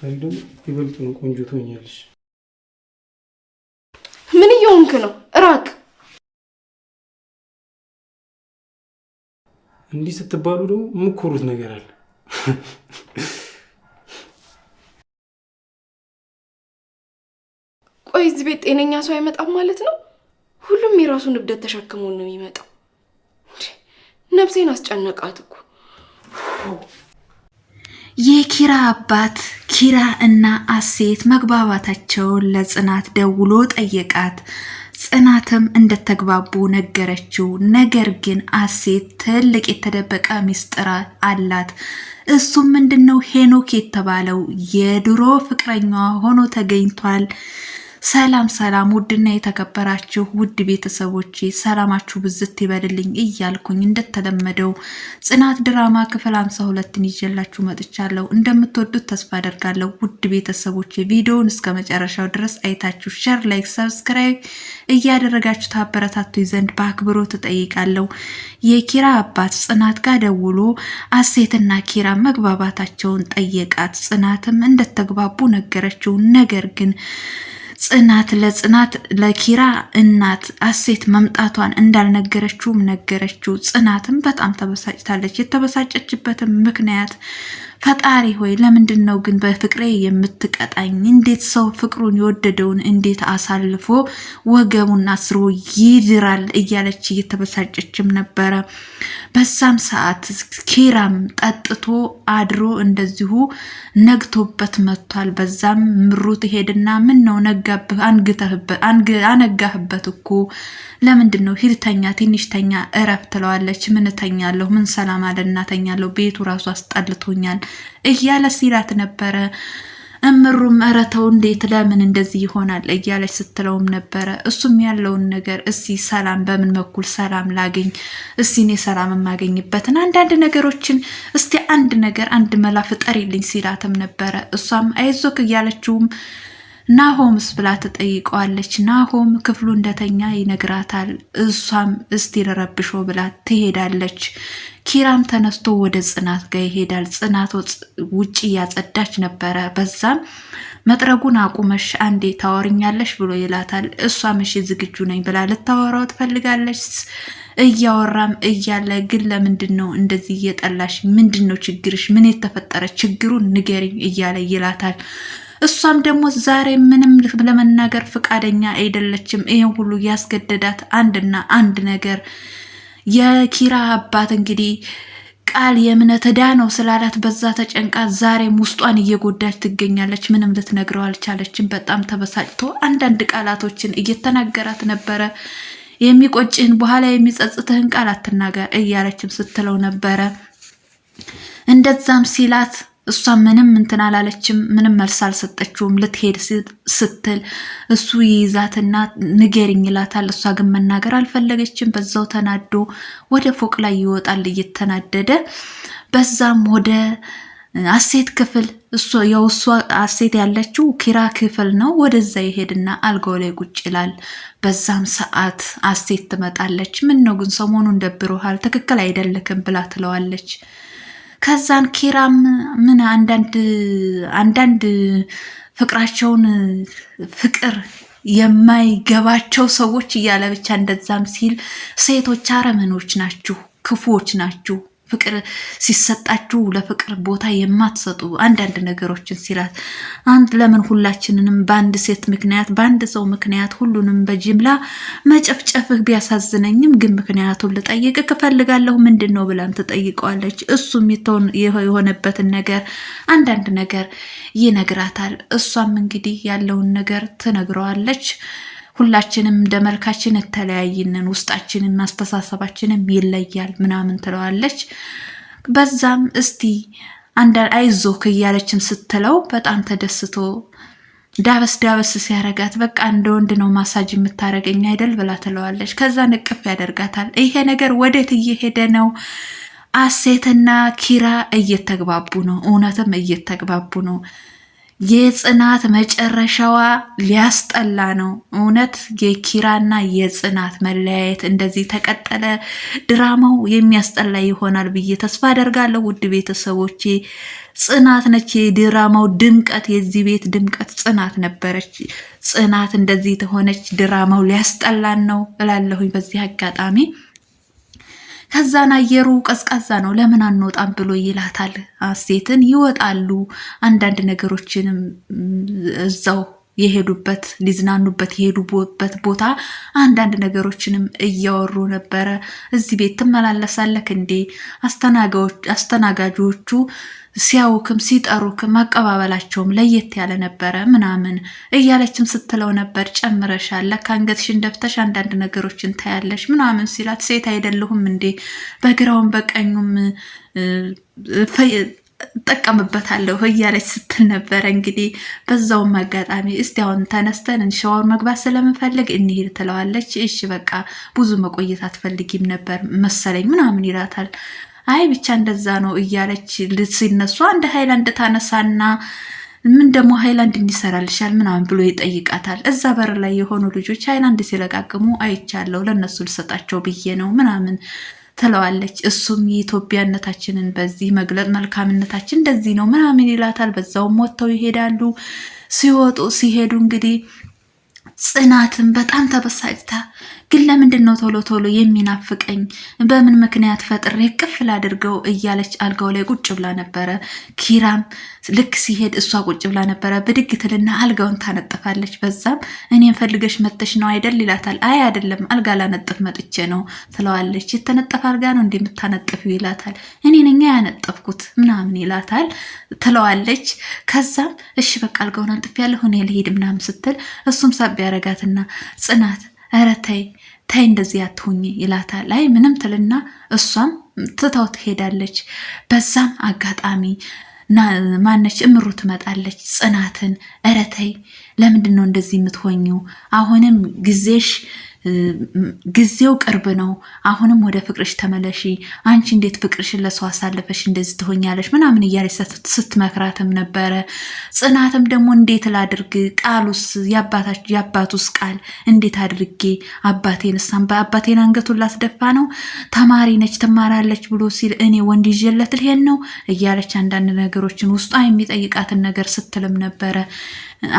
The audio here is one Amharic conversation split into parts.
ስትፈሪ ደግሞ ይበልጥ ነው ቆንጆ ትሆኛለሽ። ምን እየሆንክ ነው? ራቅ። እንዲህ ስትባሉ ደግሞ የምኮሩት ነገር አለ። ቆይ እዚህ ቤት ጤነኛ ሰው አይመጣም ማለት ነው? ሁሉም የራሱን እብደት ተሸክሞ ነው የሚመጣው። ነፍሴን አስጨነቃት እኮ የኪራ አባት ኪራ እና አሴት መግባባታቸውን ለጽናት ደውሎ ጠየቃት። ጽናትም እንደተግባቡ ነገረችው። ነገር ግን አሴት ትልቅ የተደበቀ ሚስጥር አላት። እሱም ምንድን ነው? ሄኖክ የተባለው የድሮ ፍቅረኛዋ ሆኖ ተገኝቷል። ሰላም ሰላም፣ ውድና የተከበራችሁ ውድ ቤተሰቦች ሰላማችሁ ብዝት ይበልልኝ እያልኩኝ እንደተለመደው ጽናት ድራማ ክፍል ሃምሳ ሁለትን ይዤላችሁ መጥቻለሁ። እንደምትወዱት ተስፋ አደርጋለሁ። ውድ ቤተሰቦች ቪዲዮውን እስከ መጨረሻው ድረስ አይታችሁ ሸር፣ ላይክ፣ ሰብስክራይብ እያደረጋችሁ ታበረታቱ ዘንድ በአክብሮ እጠይቃለሁ። የኪራ አባት ጽናት ጋር ደውሎ አሴትና ኪራ መግባባታቸውን ጠየቃት። ጽናትም እንደተግባቡ ነገረችው። ነገር ግን ጽናት ለጽናት ለኪራ እናት አሴት መምጣቷን እንዳልነገረችውም ነገረችው። ጽናትም በጣም ተበሳጭታለች። የተበሳጨችበትም ምክንያት ፈጣሪ ሆይ ለምንድን ነው ግን በፍቅሬ የምትቀጣኝ? እንዴት ሰው ፍቅሩን የወደደውን እንዴት አሳልፎ ወገቡን አስሮ ይድራል? እያለች እየተበሳጨችም ነበረ። በዛም ሰዓት ኪራም ጠጥቶ አድሮ እንደዚሁ ነግቶበት መጥቷል። በዛም ምሩ ትሄድና ምን ነው ነጋብህ፣ አነጋህበት እኮ ለምንድን ነው ሂድተኛ፣ ትንሽተኛ እረፍ ትለዋለች። ምን ተኛለሁ? ምን ሰላም አለ እናተኛለሁ፣ ቤቱ ራሱ አስጠልቶኛል እያለ ሲላት ነበረ። እምሩም ኧረ ተው እንዴት ለምን እንደዚህ ይሆናል እያለች ስትለውም ነበረ። እሱም ያለውን ነገር እስቲ ሰላም በምን በኩል ሰላም ላገኝ እስቲ እኔ ሰላም የማገኝበትን አንዳንድ ነገሮችን እስቲ አንድ ነገር አንድ መላ ፍጠሪልኝ ሲላትም ነበረ። እሷም አይዞክ እያለችውም ናሆምስ ብላ ትጠይቀዋለች። ናሆም ክፍሉ እንደተኛ ይነግራታል። እሷም እስቲ ልረብሾ ብላ ትሄዳለች። ኪራም ተነስቶ ወደ ጽናት ጋር ይሄዳል። ጽናት ውጭ እያጸዳች ነበረ። በዛም መጥረጉን አቁመሽ አንዴ ታወርኛለሽ ብሎ ይላታል። እሷም እሺ ዝግጁ ነኝ ብላ ልታወራው ትፈልጋለች። እያወራም እያለ ግን ለምንድን ነው እንደዚህ እየጠላሽ? ምንድን ነው ችግርሽ? ምን የተፈጠረ ችግሩን ንገሪኝ እያለ ይላታል። እሷም ደግሞ ዛሬ ምንም ለመናገር ፈቃደኛ አይደለችም። ይህን ሁሉ ያስገደዳት አንድና አንድ ነገር የኪራ አባት እንግዲህ ቃል የእምነት ዕዳ ነው ስላላት በዛ ተጨንቃ ዛሬም ውስጧን እየጎዳች ትገኛለች። ምንም ልትነግረው አልቻለችም። በጣም ተበሳጭቶ አንዳንድ ቃላቶችን እየተናገራት ነበረ። የሚቆጭህን በኋላ የሚጸጽትህን ቃል አትናገር እያለችም ስትለው ነበረ። እንደዛም ሲላት እሷ ምንም እንትን አላለችም፣ ምንም መልስ አልሰጠችውም። ልትሄድ ስትል እሱ ይይዛትና ንገሪኝ ይላታል። እሷ ግን መናገር አልፈለገችም። በዛው ተናዶ ወደ ፎቅ ላይ ይወጣል እየተናደደ። በዛም ወደ አሴት ክፍል ያው እሷ አሴት ያለችው ኪራ ክፍል ነው። ወደዛ ይሄድና አልጋው ላይ ቁጭ ይላል። በዛም ሰዓት አሴት ትመጣለች። ምን ነው ግን ሰሞኑን ደብሮሃል፣ ትክክል አይደለክም ብላ ትለዋለች። ከዛን ኪራም ምን አንዳንድ አንዳንድ ፍቅራቸውን ፍቅር የማይገባቸው ሰዎች እያለ ብቻ እንደዛም ሲል ሴቶች አረመኖች ናችሁ፣ ክፉዎች ናችሁ ፍቅር ሲሰጣችሁ ለፍቅር ቦታ የማትሰጡ አንዳንድ ነገሮችን ሲላት፣ አንድ ለምን ሁላችንንም በአንድ ሴት ምክንያት በአንድ ሰው ምክንያት ሁሉንም በጅምላ መጨፍጨፍህ ቢያሳዝነኝም ግን ምክንያቱን ልጠይቅ እፈልጋለሁ ምንድን ነው ብላም ትጠይቀዋለች። እሱም የሆነበትን ነገር አንዳንድ ነገር ይነግራታል። እሷም እንግዲህ ያለውን ነገር ትነግረዋለች። ሁላችንም እንደ መልካችን የተለያይንን ውስጣችንን አስተሳሰባችንም ይለያል ምናምን ትለዋለች። በዛም እስቲ አንዳንድ አይዞክ እያለችም ስትለው በጣም ተደስቶ ዳበስ ዳበስ ሲያረጋት በቃ እንደ ወንድ ነው ማሳጅ የምታደርገኝ አይደል ብላ ትለዋለች። ከዛ ንቅፍ ያደርጋታል። ይሄ ነገር ወዴት እየሄደ ነው? አሴትና ኪራ እየተግባቡ ነው። እውነትም እየተግባቡ ነው። የጽናት መጨረሻዋ ሊያስጠላ ነው። እውነት የኪራና የጽናት መለያየት እንደዚህ ተቀጠለ ድራማው የሚያስጠላ ይሆናል ብዬ ተስፋ አደርጋለሁ። ውድ ቤተሰቦቼ ጽናት ነች የድራማው ድምቀት፣ የዚህ ቤት ድምቀት ጽናት ነበረች። ጽናት እንደዚህ ተሆነች ድራማው ሊያስጠላን ነው እላለሁኝ በዚህ አጋጣሚ ከዛን አየሩ ቀዝቃዛ ነው ለምን አንወጣም ብሎ ይላታል። ሀሴትን ይወጣሉ። አንዳንድ ነገሮችንም እዛው የሄዱበት ሊዝናኑበት የሄዱበት ቦታ አንዳንድ ነገሮችንም እያወሩ ነበረ። እዚህ ቤት ትመላለሳለክ እንዴ? አስተናጋጆቹ ሲያውክም ሲጠሩክም አቀባበላቸውም ለየት ያለ ነበረ ምናምን እያለችም ስትለው ነበር። ጨምረሻል፣ ለካ አንገትሽን ደፍተሽ አንዳንድ ነገሮችን ታያለሽ ምናምን ሲላት ሴት አይደለሁም እንዴ? በግራውም በቀኙም እጠቀምበታለሁ እያለች ስትል ነበረ። እንግዲህ በዛውም አጋጣሚ እስቲ አሁን ተነስተን እንሸዋር መግባት ስለምፈልግ እንሂድ ትለዋለች። እሺ በቃ ብዙ መቆየት አትፈልጊም ነበር መሰለኝ ምናምን ይላታል። አይ ብቻ እንደዛ ነው እያለች ሲነሱ አንድ ሀይላንድ ታነሳና ምን ደግሞ ሀይላንድ እንዲሰራልሻል ምናምን ብሎ ይጠይቃታል። እዛ በር ላይ የሆኑ ልጆች ሀይላንድ ሲለቃቅሙ አይቻለሁ፣ ለእነሱ ልሰጣቸው ብዬ ነው ምናምን ትለዋለች። እሱም የኢትዮጵያነታችንን በዚህ መግለጥ መልካምነታችን እንደዚህ ነው ምናምን ይላታል። በዛውም ወጥተው ይሄዳሉ። ሲወጡ ሲሄዱ እንግዲህ ጽናትን በጣም ተበሳጭታ ግን ለምንድን ነው ቶሎ ቶሎ የሚናፍቀኝ? በምን ምክንያት ፈጥሬ ቅፍ ላድርገው? እያለች አልጋው ላይ ቁጭ ብላ ነበረ። ኪራም ልክ ሲሄድ እሷ ቁጭ ብላ ነበረ። ብድግ ትልና አልጋውን ታነጥፋለች። በዛም እኔን ፈልገሽ መጥተሽ ነው አይደል ይላታል። አይ አይደለም፣ አልጋ ላነጥፍ መጥቼ ነው ትለዋለች። የተነጠፈ አልጋ ነው እንደምታነጥፊው ይላታል። እኔ እኛ ያነጠፍኩት ምናምን ይላታል ትለዋለች። ከዛም እሺ በቃ አልጋውን አንጥፍ ያለሁ እኔ ልሄድ ምናምን ስትል እሱም ሳቢ ያረጋትና ጽናት ረተይ ተይ ተይ እንደዚህ አትሁኝ ይላታል። አይ ምንም ትልና እሷም ትታው ትሄዳለች። በዛም አጋጣሚ ማነች እምሩ ትመጣለች ጽናትን ረተይ ተይ ለምንድን ነው እንደዚህ የምትሆኝው? አሁንም ጊዜሽ ጊዜው ቅርብ ነው። አሁንም ወደ ፍቅርሽ ተመለሺ። አንቺ እንዴት ፍቅርሽን ለሰው አሳለፈሽ እንደዚህ ትሆኛለሽ? ምናምን እያለች ስትመክራትም ነበረ። ጽናትም ደግሞ እንዴት ላድርግ? ቃሉስ የአባቱስ ቃል እንዴት አድርጌ አባቴንስ በአባቴን አንገቱን ላስደፋ ነው? ተማሪ ነች ትማራለች ብሎ ሲል እኔ ወንድ ይዤለት ልሄድ ነው እያለች አንዳንድ ነገሮችን ውስጧ የሚጠይቃትን ነገር ስትልም ነበረ።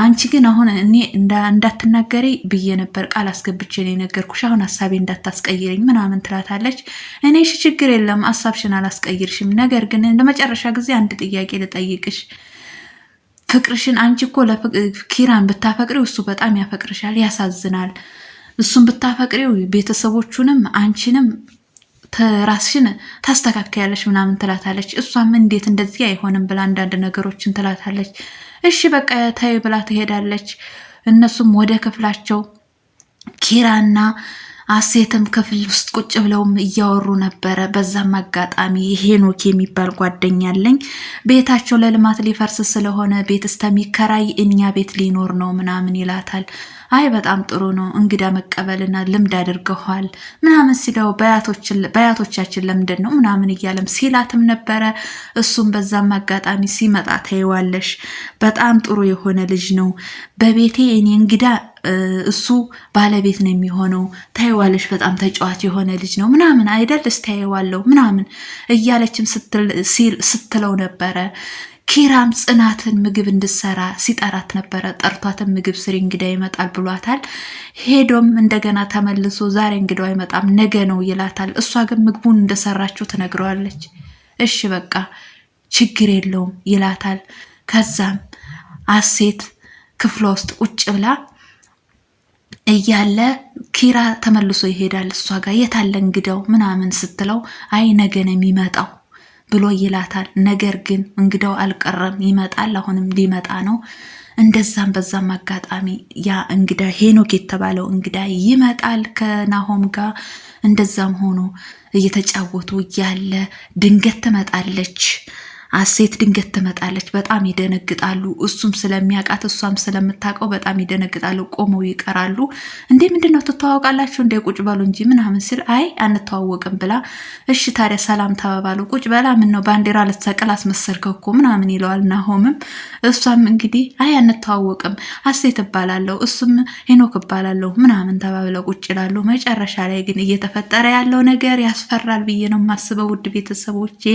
አንቺ ግን አሁን እኔ እንዳትናገሪ ብዬ ነበር ቃል አስገብቼ ነው የነገርኩሽ። አሁን ሀሳቤ እንዳታስቀይረኝ ምናምን ትላታለች። እኔ እሺ ችግር የለም ሀሳብሽን አላስቀይርሽም። ነገር ግን ለመጨረሻ ጊዜ አንድ ጥያቄ ልጠይቅሽ ፍቅርሽን አንቺ እኮ ኪራን ብታፈቅሪው እሱ በጣም ያፈቅርሻል፣ ያሳዝናል። እሱን ብታፈቅሪው ቤተሰቦቹንም አንቺንም ራስሽን ታስተካከያለሽ ምናምን ትላታለች። እሷም እንዴት እንደዚህ አይሆንም ብላ አንዳንድ ነገሮችን ትላታለች። እሺ በቃ ተይ ብላ ትሄዳለች። እነሱም ወደ ክፍላቸው ኪራና አሴትም ክፍል ውስጥ ቁጭ ብለውም እያወሩ ነበረ። በዛም አጋጣሚ ሄኖክ የሚባል ጓደኛ አለኝ ቤታቸው ለልማት ሊፈርስ ስለሆነ ቤት እስከሚከራይ እኛ ቤት ሊኖር ነው ምናምን ይላታል። አይ በጣም ጥሩ ነው እንግዳ መቀበልና ልምድ አድርገዋል ምናምን ሲለው በአያቶቻችን ለምንድን ነው ምናምን እያለም ሲላትም ነበረ። እሱም በዛም አጋጣሚ ሲመጣ ታይዋለሽ። በጣም ጥሩ የሆነ ልጅ ነው በቤቴ እኔ እንግዳ እሱ ባለቤት ነው የሚሆነው። ታይዋለች፣ በጣም ተጫዋች የሆነ ልጅ ነው ምናምን አይደል እስታየዋለው ምናምን እያለችም ስትለው ነበረ። ኪራም ጽናትን ምግብ እንድሰራ ሲጠራት ነበረ። ጠርቷትን ምግብ ስሪ እንግዳ ይመጣል ብሏታል። ሄዶም እንደገና ተመልሶ ዛሬ እንግዳው አይመጣም ነገ ነው ይላታል። እሷ ግን ምግቡን እንደሰራችው ትነግረዋለች። እሺ በቃ ችግር የለውም ይላታል። ከዛም አሴት ክፍሏ ውስጥ ቁጭ ብላ እያለ ኪራ ተመልሶ ይሄዳል። እሷ ጋር የታለ እንግዳው ምናምን ስትለው አይ ነገ ነው የሚመጣው ብሎ ይላታል። ነገር ግን እንግዳው አልቀረም ይመጣል። አሁንም ሊመጣ ነው። እንደዛም በዛም አጋጣሚ ያ እንግዳ ሄኖክ የተባለው እንግዳ ይመጣል ከናሆም ጋር። እንደዛም ሆኖ እየተጫወቱ እያለ ድንገት ትመጣለች። አሴት ድንገት ትመጣለች። በጣም ይደነግጣሉ። እሱም ስለሚያውቃት እሷም ስለምታውቀው በጣም ይደነግጣሉ። ቆመው ይቀራሉ። እንዴ ምንድን ነው ትተዋወቃላችሁ? እንደ ቁጭ በሉ እንጂ ምናምን ሲል አይ አንተዋወቅም ብላ እሺ ታዲያ ሰላም ተባባሉ። ቁጭ በላ ምን ነው ባንዲራ ልትሰቅል አስመሰልከው እኮ ምናምን ይለዋል። ናሆምም እሷም እንግዲህ አይ አንተዋወቅም፣ አሴት እባላለሁ፣ እሱም ሄኖክ እባላለሁ ምናምን ተባብለው ቁጭ ይላሉ። መጨረሻ ላይ ግን እየተፈጠረ ያለው ነገር ያስፈራል ብዬ ነው የማስበው ውድ ቤተሰቦቼ።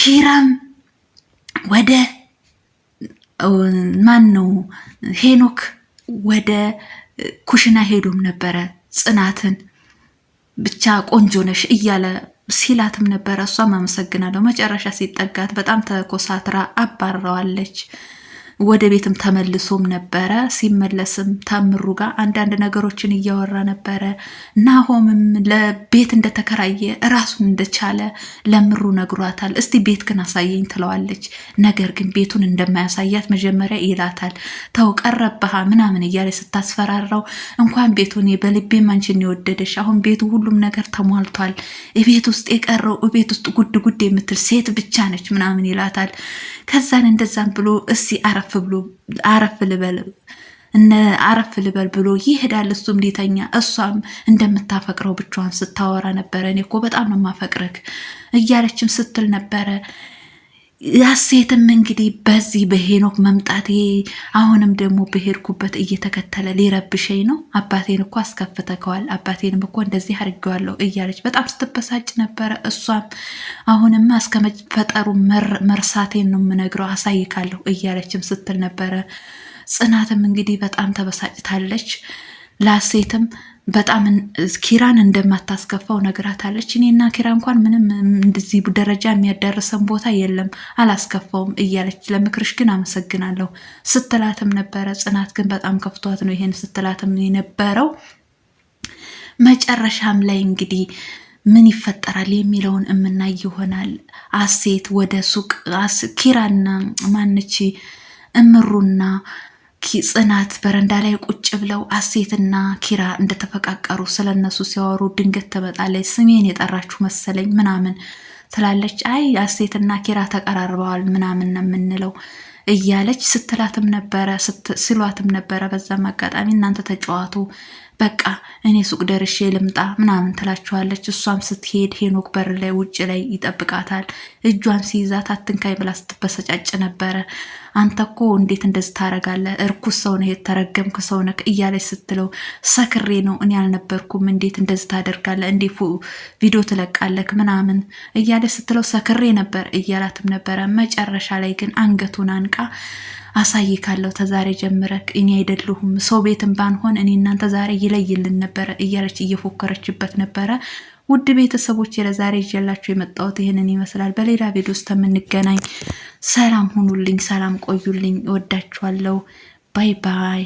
ኪራም ወደ ማን ነው ሄኖክ ወደ ኩሽና ሄዶም ነበረ ጽናትን ብቻ ቆንጆ ነሽ እያለ ሲላትም ነበረ። እሷም አመሰግናለሁ መጨረሻ ሲጠጋት በጣም ተኮሳትራ አባረዋለች። ወደ ቤትም ተመልሶም ነበረ። ሲመለስም ታምሩ ጋር አንዳንድ ነገሮችን እያወራ ነበረ። ናሆምም ለቤት እንደተከራየ ራሱን እንደቻለ ለምሩ ነግሯታል። እስቲ ቤት ግን አሳየኝ ትለዋለች። ነገር ግን ቤቱን እንደማያሳያት መጀመሪያ ይላታል። ተው ቀረብሃ ምናምን እያለ ስታስፈራራው እንኳን ቤቱን በልቤ አንቺን የወደደሽ አሁን ቤቱ ሁሉም ነገር ተሟልቷል። ቤት ውስጥ የቀረው ቤት ውስጥ ጉድ ጉድ የምትል ሴት ብቻ ነች ምናምን ይላታል። ከዛን እንደዛን ብሎ እስኪ አረፍ ብሎ አረፍ ልበል እነ አረፍ ልበል ብሎ ይሄዳል። እሱም ሊተኛ እሷም እንደምታፈቅረው ብቻዋን ስታወራ ነበረ። እኔ እኮ በጣም ነው የማፈቅርህ እያለችም ስትል ነበረ ያሴትም እንግዲህ በዚህ በሄኖክ መምጣቴ አሁንም ደግሞ በሄድኩበት እየተከተለ ሊረብሸኝ ነው። አባቴን እኮ አስከፍተከዋል፣ አባቴንም እኮ እንደዚህ አድርጌዋለሁ እያለች በጣም ስትበሳጭ ነበረ። እሷም አሁንም እስከ መፈጠሩ መርሳቴን ነው የምነግረው፣ አሳይካለሁ እያለችም ስትል ነበረ። ጽናትም እንግዲህ በጣም ተበሳጭታለች። ላሴትም በጣም ኪራን እንደማታስከፋው ነግራታለች። እኔና ኪራ እንኳን ምንም እንደዚህ ደረጃ የሚያደርሰን ቦታ የለም አላስከፋውም እያለች ለምክርሽ ግን አመሰግናለሁ ስትላትም ነበረ። ጽናት ግን በጣም ከፍቷት ነው ይሄን ስትላትም የነበረው። መጨረሻም ላይ እንግዲህ ምን ይፈጠራል የሚለውን እምናይ ይሆናል። አሴት ወደ ሱቅ ኪራና ማንቺ እምሩና ጽናት በረንዳ ላይ ቁጭ ብለው አሴትና ኪራ እንደተፈቃቀሩ ስለነሱ ሲያወሩ ድንገት ትመጣለች። ስሜን የጠራችሁ መሰለኝ ምናምን ትላለች። አይ አሴትና ኪራ ተቀራርበዋል ምናምን ነው የምንለው እያለች ስትላትም ነበረ ሲሏትም ነበረ። በዛም አጋጣሚ እናንተ ተጫዋቱ በቃ እኔ ሱቅ ደርሼ ልምጣ ምናምን ትላችኋለች። እሷም ስትሄድ ሄኖክ በር ላይ ውጭ ላይ ይጠብቃታል። እጇን ሲይዛት አትንካኝ ብላ ስትበሰጫጭ ነበረ። አንተ እኮ እንዴት እንደዚህ ታደርጋለህ? እርኩስ ሰው ነህ፣ የተረገምክ ሰው ነህ እያለች ስትለው ሰክሬ ነው እኔ አልነበርኩም፣ እንዴት እንደዚህ ታደርጋለህ? እንዴ ቪዲዮ ትለቃለህ? ምናምን እያለች ስትለው ሰክሬ ነበር እያላትም ነበረ። መጨረሻ ላይ ግን አንገቱን አንቃ አሳይካለሁ ካለው ተዛሬ ጀምረ እኔ አይደለሁም ሰው ቤትም ባንሆን እኔ እናንተ ዛሬ ይለይልን ነበረ እያለች እየፎከረችበት ነበረ። ውድ ቤተሰቦች ለዛሬ ይዤላችሁ የመጣሁት ይህንን ይመስላል። በሌላ ቤት ውስጥ የምንገናኝ። ሰላም ሁኑልኝ፣ ሰላም ቆዩልኝ። እወዳችኋለሁ። ባይ ባይ